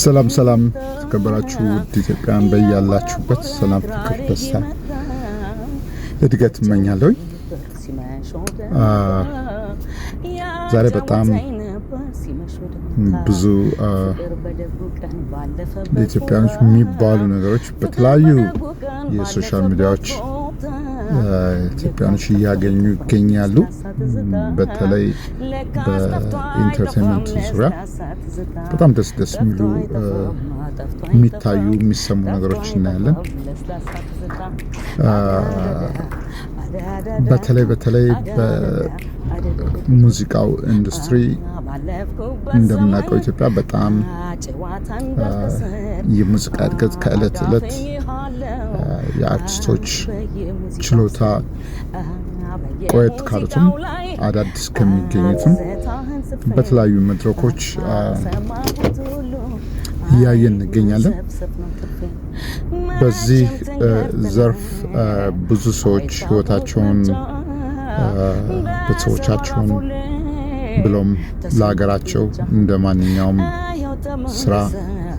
ሰላም ሰላም፣ ተከበራችሁ ውድ ኢትዮጵያን በያላችሁበት ሰላም፣ ፍቅር፣ ደስታ፣ እድገት እመኛለሁኝ። ዛሬ በጣም ብዙ ለኢትዮጵያኖች የሚባሉ ነገሮች በተለያዩ የሶሻል ሚዲያዎች ኢትዮጵያኖች እያገኙ ይገኛሉ። በተለይ በኢንተርቴንመንት ዙሪያ በጣም ደስ ደስ የሚሉ የሚታዩ የሚሰሙ ነገሮች እናያለን። በተለይ በተለይ በሙዚቃው ኢንዱስትሪ እንደምናውቀው ኢትዮጵያ በጣም የሙዚቃ እድገት ከእለት እለት የአርቲስቶች ችሎታ ቆየት ካሉትም አዳዲስ ከሚገኙትም በተለያዩ መድረኮች እያየን እንገኛለን። በዚህ ዘርፍ ብዙ ሰዎች ህይወታቸውን ቤተሰቦቻቸውን ብሎም ለሀገራቸው እንደ ማንኛውም ስራ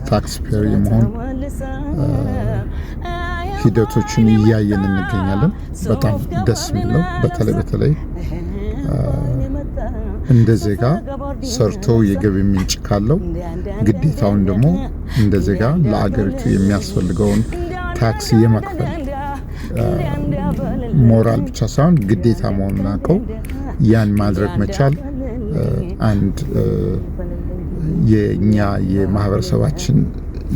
ታክስ ፔር የመሆን ሂደቶችን እያየን እንገኛለን። በጣም ደስ የሚለው በተለይ በተለይ እንደ ዜጋ ሰርቶ የገቢ ምንጭ ካለው ግዴታውን ደግሞ እንደ ዜጋ ለአገሪቱ የሚያስፈልገውን ታክስ የመክፈል ሞራል ብቻ ሳይሆን ግዴታ መሆኑን አውቀው ያን ማድረግ መቻል አንድ የእኛ የማህበረሰባችን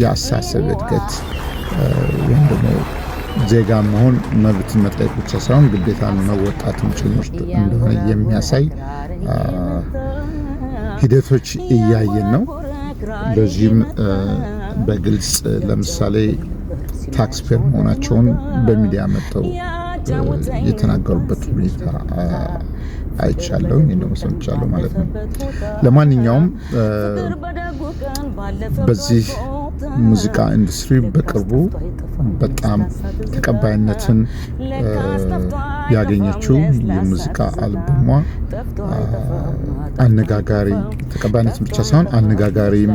የአሳሰብ እድገት ወይም ደግሞ ዜጋ መሆን መብትን መጠየቅ ብቻ ሳይሆን ግዴታን መወጣትም ጭምር እንደሆነ የሚያሳይ ሂደቶች እያየን ነው። በዚህም በግልጽ ለምሳሌ ታክስ ፔር መሆናቸውን በሚዲያ መጥተው የተናገሩበት ሁኔታ አይቻለሁ፣ ይህ ደግሞ ሰምቻለሁ ማለት ነው። ለማንኛውም በዚህ ሙዚቃ ኢንዱስትሪ በቅርቡ በጣም ተቀባይነትን ያገኘችው የሙዚቃ አልበሟ አነጋጋሪ ተቀባይነትን ብቻ ሳይሆን አነጋጋሪም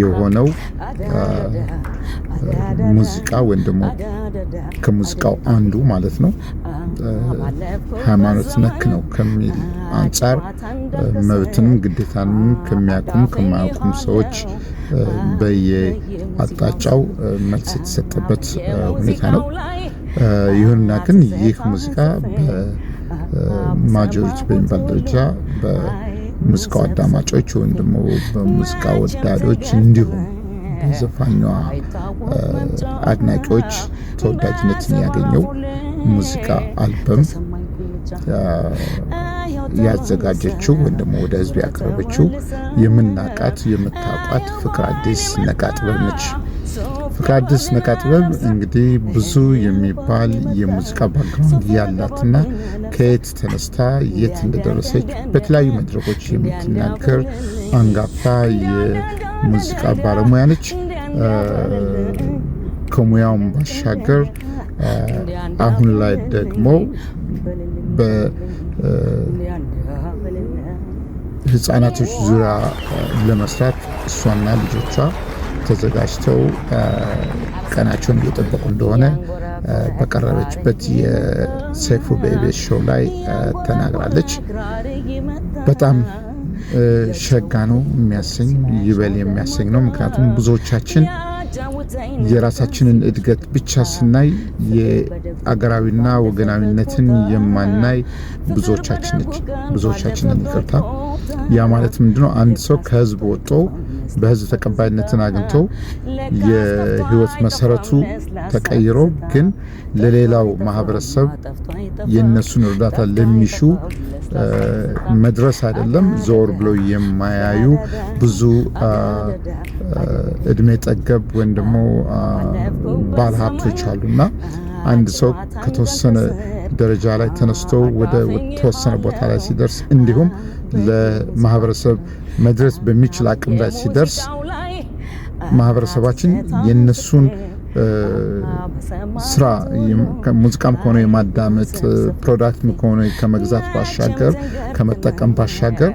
የሆነው ሙዚቃ ወይም ደግሞ ከሙዚቃው አንዱ ማለት ነው ሃይማኖት ነክ ነው ከሚል አንጻር መብትንም ግዴታንም ከሚያውቁም ከማያውቁም ሰዎች በየአቅጣጫው መልስ የተሰጠበት ሁኔታ ነው። ይሁንና ግን ይህ ሙዚቃ በማጆሪቲ በሚባል ደረጃ በሙዚቃው አዳማጮች ወይም ደግሞ በሙዚቃ ወዳዶች እንዲሁም በዘፋኛ አድናቂዎች ተወዳጅነትን ያገኘው ሙዚቃ አልበም ያዘጋጀችው ወይም ደግሞ ወደ ህዝብ ያቀረበችው የምናቃት የምታውቋት ፍቅር አዲስ ነቃጥበብ ነች። ፍቅር አዲስ ነቃጥበብ እንግዲህ ብዙ የሚባል የሙዚቃ ባክግራውንድ ያላትና ከየት ተነስታ የት እንደደረሰች በተለያዩ መድረኮች የምትናገር አንጋፋ የሙዚቃ ባለሙያ ነች። ከሙያውም ባሻገር አሁን ላይ ደግሞ በህፃናቶች ዙሪያ ለመስራት እሷና ልጆቿ ተዘጋጅተው ቀናቸውን እየጠበቁ እንደሆነ በቀረበችበት የሰይፉ በኢቢኤስ ሾው ላይ ተናግራለች። በጣም ሸጋ ነው የሚያሰኝ ይበል የሚያሰኝ ነው። ምክንያቱም ብዙዎቻችን የራሳችንን እድገት ብቻ ስናይ የአገራዊና ወገናዊነትን የማናይ ብዙዎቻችን ብዙዎቻችንን ይቅርታ። ያ ማለት ምንድነው? አንድ ሰው ከህዝብ ወጦ በህዝብ ተቀባይነትን አግኝቶ የህይወት መሰረቱ ተቀይሮ ግን ለሌላው ማህበረሰብ የእነሱን እርዳታ ለሚሹ መድረስ አይደለም ዞር ብሎ የማያዩ ብዙ እድሜ ጠገብ ወይም ደግሞ ባለሀብቶች አሉና አንድ ሰው ከተወሰነ ደረጃ ላይ ተነስቶ ወደ ተወሰነ ቦታ ላይ ሲደርስ እንዲሁም ለማህበረሰብ መድረስ በሚችል አቅም ላይ ሲደርስ ማህበረሰባችን የነሱን ስራ ሙዚቃም ከሆነ የማዳመጥ ፕሮዳክትም ከሆነ ከመግዛት ባሻገር ከመጠቀም ባሻገር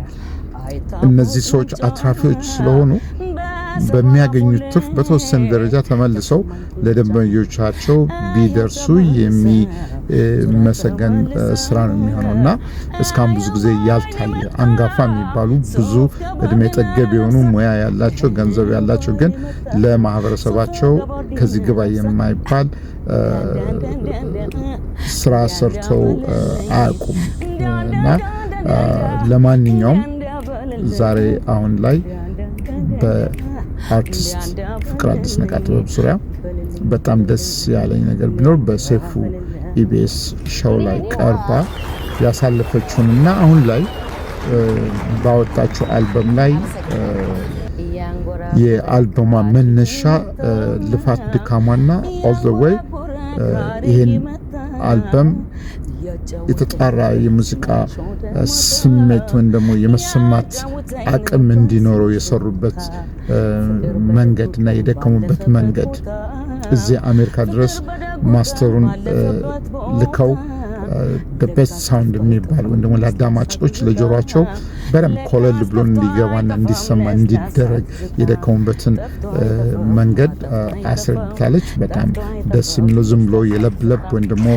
እነዚህ ሰዎች አትራፊዎች ስለሆኑ በሚያገኙት ትርፍ በተወሰነ ደረጃ ተመልሰው ለደንበኞቻቸው ቢደርሱ የሚ መሰገን ስራ ነው የሚሆነው እና እስካሁን ብዙ ጊዜ ያልታየ አንጋፋ የሚባሉ ብዙ እድሜ ጠገብ የሆኑ ሙያ ያላቸው ገንዘብ ያላቸው ግን ለማህበረሰባቸው ከዚህ ግባ የማይባል ስራ ሰርተው አያውቁም እና ለማንኛውም ዛሬ አሁን ላይ በአርቲስት ፍቅር አዲስ ነቃ ጥበብ ዙሪያ በጣም ደስ ያለኝ ነገር ቢኖር በሴፉ ኢቢኤስ ሸው ላይ ቀርባ ያሳለፈችውን እና አሁን ላይ ባወጣችው አልበም ላይ የአልበሟ መነሻ ልፋት ድካሟና ኦል ዘ ወይ ይህን አልበም የተጣራ የሙዚቃ ስሜት ወይም ደግሞ የመሰማት አቅም እንዲኖረው የሰሩበት መንገድ እና የደከሙበት መንገድ እዚህ አሜሪካ ድረስ ማስተሩን ልከው በቤስት ሳውንድ የሚባል ወይም ደግሞ ለአዳማጮች ለጆሯቸው በደንብ ኮለል ብሎን እንዲገባና እንዲሰማ እንዲደረግ የደከሙበትን መንገድ አስረድታለች። በጣም ደስ የሚለ ዝም ብሎ የለብለብ ወይም ደግሞ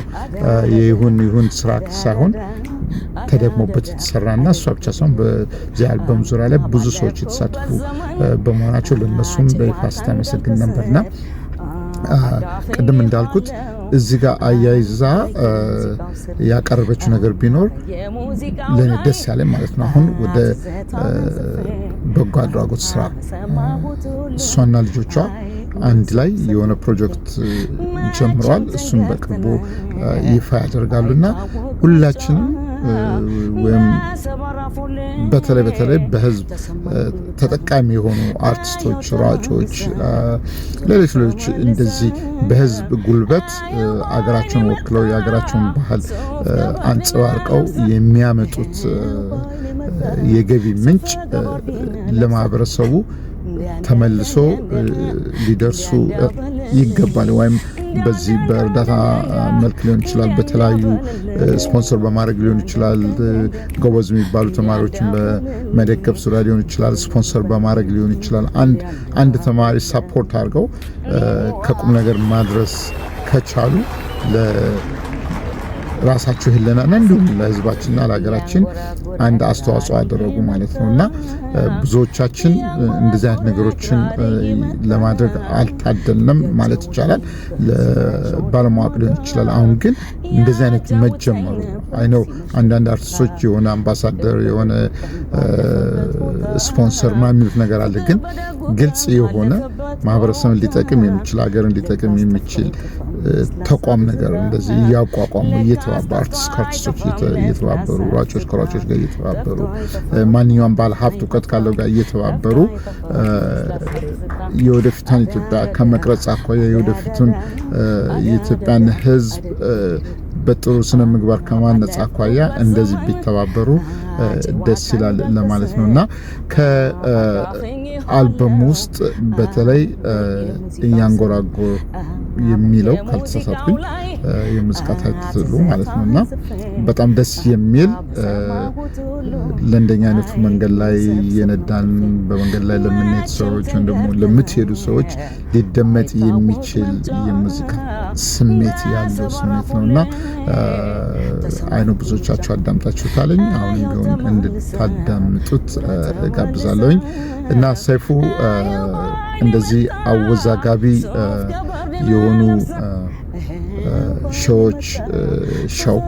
የይሁን ይሁን ስራ ሳይሆን ተደግሞበት የተሰራ እና እሷ ብቻ ሳይሆን በዚህ አልበም ዙሪያ ላይ ብዙ ሰዎች የተሳተፉ በመሆናቸው ለነሱም በይፋ ስታመሰግን ነበርና ቅድም እንዳልኩት እዚህ ጋር አያይዛ ያቀረበችው ነገር ቢኖር ለእኔ ደስ ያለ ማለት ነው። አሁን ወደ በጎ አድራጎት ስራ እሷና ልጆቿ አንድ ላይ የሆነ ፕሮጀክት ጀምረዋል። እሱን በቅርቡ ይፋ ያደርጋሉ እና ሁላችንም ወይም በተለይ በተለይ በህዝብ ተጠቃሚ የሆኑ አርቲስቶች፣ ሯጮች፣ ሌሎች ሌሎች እንደዚህ በህዝብ ጉልበት አገራቸውን ወክለው የሀገራቸውን ባህል አንጸባርቀው የሚያመጡት የገቢ ምንጭ ለማህበረሰቡ ተመልሶ ሊደርሱ ይገባል ወይም በዚህ በእርዳታ መልክ ሊሆን ይችላል፣ በተለያዩ ስፖንሰር በማድረግ ሊሆን ይችላል። ጎበዝ የሚባሉ ተማሪዎችን በመደገፍ ዙሪያ ሊሆን ይችላል፣ ስፖንሰር በማድረግ ሊሆን ይችላል። አንድ አንድ ተማሪ ሳፖርት አድርገው ከቁም ነገር ማድረስ ከቻሉ ራሳችሁ ህልናና እንዲሁም ለህዝባችንና ለሀገራችን አንድ አስተዋጽኦ ያደረጉ ማለት ነው እና ብዙዎቻችን እንደዚህ አይነት ነገሮችን ለማድረግ አልታደልንም ማለት ይቻላል። ባለማወቅ ሊሆን ይችላል። አሁን ግን እንደዚህ አይነት መጀመሩ አይ ነው። አንዳንድ አርቲስቶች የሆነ አምባሳደር የሆነ ስፖንሰር ማ የሚሉት ነገር አለ። ግን ግልጽ የሆነ ማህበረሰብን ሊጠቅም የሚችል ሀገርን ሊጠቅም የሚችል ተቋም ነገር እንደዚህ እያቋቋሙ እየተባበሩ አርቲስት ከአርቲስቶች እየተባበሩ ሯጮች ከሯጮች ጋር እየተባበሩ ማንኛውም ባለ ሀብት እውቀት ካለው ጋር እየተባበሩ የወደፊቷን ኢትዮጵያ ከመቅረጽ አኳያ የወደፊቱን የኢትዮጵያን ሕዝብ በጥሩ ስነ ምግባር ከማነጽ አኳያ እንደዚህ ቢተባበሩ ደስ ይላል ለማለት ነው እና አልበም ውስጥ በተለይ እያንጎራጎር የሚለው ካልተሳሳትኩኝ የሙዚቃ ታይትሉ ማለት ነው እና በጣም ደስ የሚል ለእንደኛ አይነቱ መንገድ ላይ የነዳን በመንገድ ላይ ለምንሄድ ሰዎች ወይም ደግሞ ለምትሄዱ ሰዎች ሊደመጥ የሚችል የሙዚቃ ስሜት ያለው ስሜት ነው እና አይኖ ብዙዎቻችሁ አዳምጣችሁታለኝ። አሁን ቢሆን እንድታዳምጡት እጋብዛለሁኝ እና ሰይፉ እንደዚህ አወዛጋቢ የሆኑ ሾዎች ሾው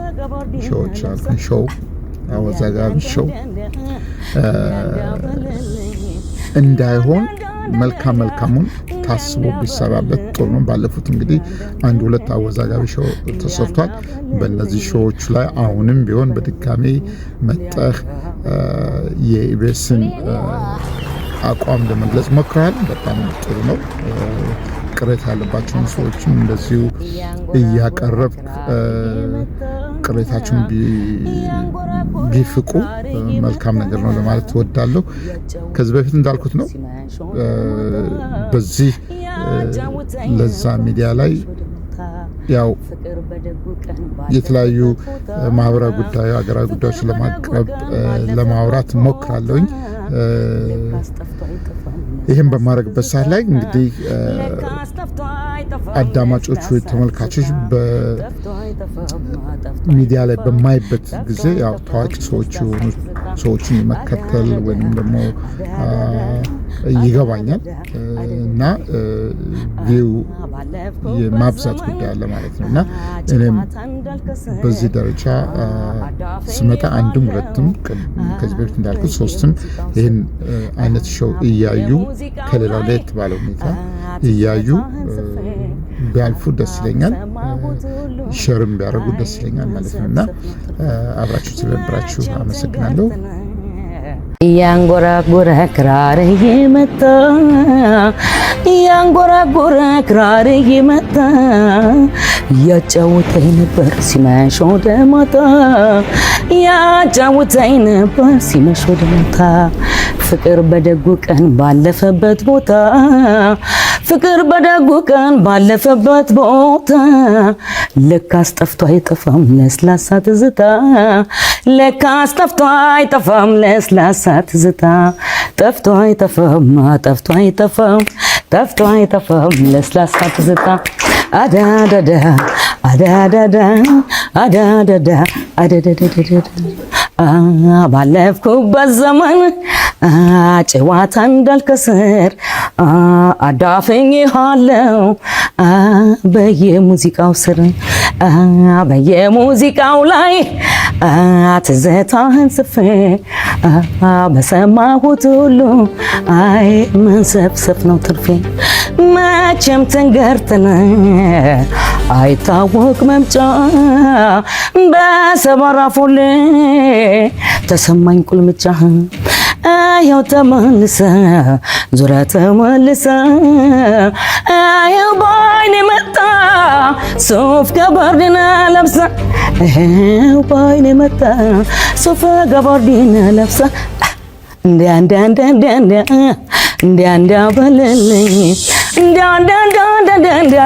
ሾዎች አልኩኝ ሾው አወዛጋቢ ሾው እንዳይሆን መልካም መልካሙን ታስቦ ቢሰራበት ጥሩ ነው። ባለፉት እንግዲህ አንድ ሁለት አወዛጋቢ ሾው ተሰርቷል። በእነዚህ ሾዎች ላይ አሁንም ቢሆን በድጋሚ መጠህ የኢቤስን አቋም ለመግለጽ ሞክረሃል። በጣም ጥሩ ነው። ቅሬታ ያለባቸውን ሰዎችም እንደዚሁ እያቀረብ ቅሬታቸውን ቢፍቁ መልካም ነገር ነው ለማለት ትወዳለሁ። ከዚህ በፊት እንዳልኩት ነው በዚህ ለዛ ሚዲያ ላይ ያው የተለያዩ ማህበራዊ ጉዳዩ ሀገራዊ ጉዳዮች ለማቅረብ ለማውራት ሞክራለሁኝ። ይህን በማድረግበት ሰዓት ላይ እንግዲህ አዳማጮቹ ተመልካቾች በሚዲያ ላይ በማይበት ጊዜ ያው ታዋቂ ሰዎች የሆኑ ሰዎችን መከተል ወይም ደግሞ ይገባኛል እና ቪው የማብዛት ጉዳይ አለ ማለት ነው እና እኔም በዚህ ደረጃ ስመጣ አንድም ሁለትም ከዚህ በፊት እንዳልኩት ሶስትም ይህን አይነት ሸው እያዩ ከሌላው ለየት ባለ ሁኔታ እያዩ ቢያልፉ ደስ ይለኛል። ሸርም ቢያደርጉ ደስ ይለኛል ማለት ነው እና አብራችሁ ስለነበራችሁ አመሰግናለሁ። እያንጎራጎረ ክራር እየመታ ያንጎራጎረ ክራር እየመታ ያጫወተኝ ነበር ሲመሽ ወደ ማታ ያጫወተኝ ነበር ሲመሽ ወደ ማታ ፍቅር በደጉ ቀን ባለፈበት ቦታ ፍቅር በደጉ ቀን ባለፈበት ቦታ ለካስ ጠፍቶ አይጠፋም ለስላሳ ትዝታ ለካስ ጠፍቶ አይጠፋም ለስላሳ ትዝታ ጠፍቶ አይጠፋም ጠፍቶ አይጠፋም ጠፍቶ አይጠፋም ለስላሳ ትዝታ አዳዳዳ አዳዳዳ አዳዳዳ አዳዳዳ ባለፍኩበት ዘመን ጨዋታ እንዳልከስር አዳፍኝሃለው በየሙዚቃው ስር በየሙዚቃው ላይ ትዝታህን ጽፌ በሰማሁት ሁሉ አይ መንሰፍሰፍ ነው ትርፌ መቼም ትንገርትን አይታወቅ መምጫ በሰባራፎሌ ተሰማኝ ቁልምጫህ ያው ተመልሰ ዙራ ተመልሰ ያው ባይን መጣ ሶፍ ገባርዲና ለብሳ ባይን መጣ ሶፍ ገባርዲና ለብሳ እንዲያ እንዲያ በለለኝ እንዲያ እንዲያ እንዲያ እንዲያ